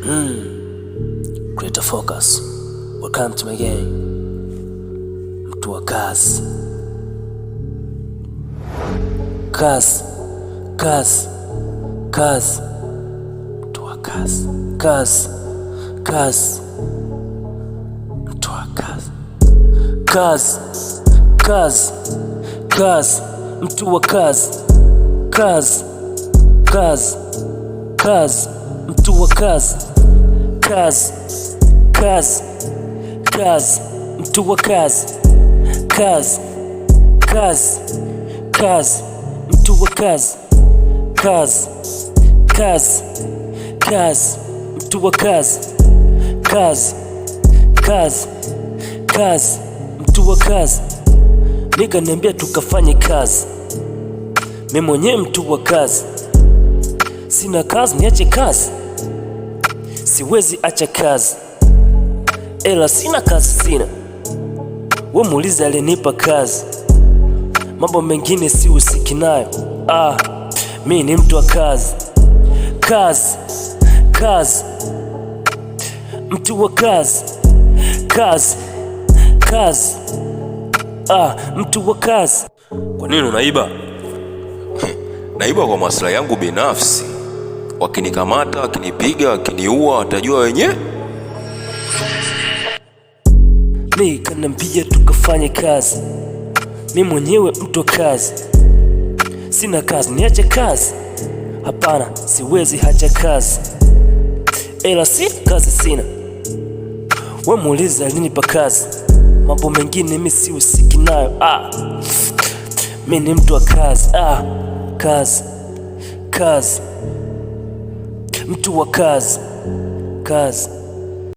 Mm. Creator Focus. Welcome to my game. Mtu wa kazi. Kazi. Kazi. Kazi. Mtu wa kazi. Kazi. Kazi. Mtu wa kazi. Kazi. Kazi. Kazi. Mtu wa kazi. Kazi. Kazi. Kazi. Mtu wa kazi kazi kazi kazi, mtu wa kazi kazi kazi kazi, mtu wa kazi kazi kazi kazi, mtu wa kazi kazi kazi kazi, mtu wa kazi. Niga niambia tukafanye kazi, mimi mwenyewe mtu wa kazi, sina kazi niache kazi siwezi acha kazi, ela sina kazi, sina we muulize alinipa kazi, mambo mengine si usiki nayo. Ah, mi ni mtu wa kazi, kazi, kazi, mtu wa kazi, kazi, kazi, ah, mtu wa kazi. Kwa nini unaiba? Naiba kwa maslahi yangu binafsi wakinikamata, wakinipiga, wakiniua, watajua wenyewe. Mi kanambia tukafanye kazi, mi mwenyewe mtu kazi, sina kazi, niache kazi? Hapana, siwezi hacha kazi, ela si kazi sina. We muuliza lini pa kazi, mambo mengine mi sihusiki nayo. Ah, mi ni mtu wa kazi. Ah, kazi kazi mtu wa kazi kazi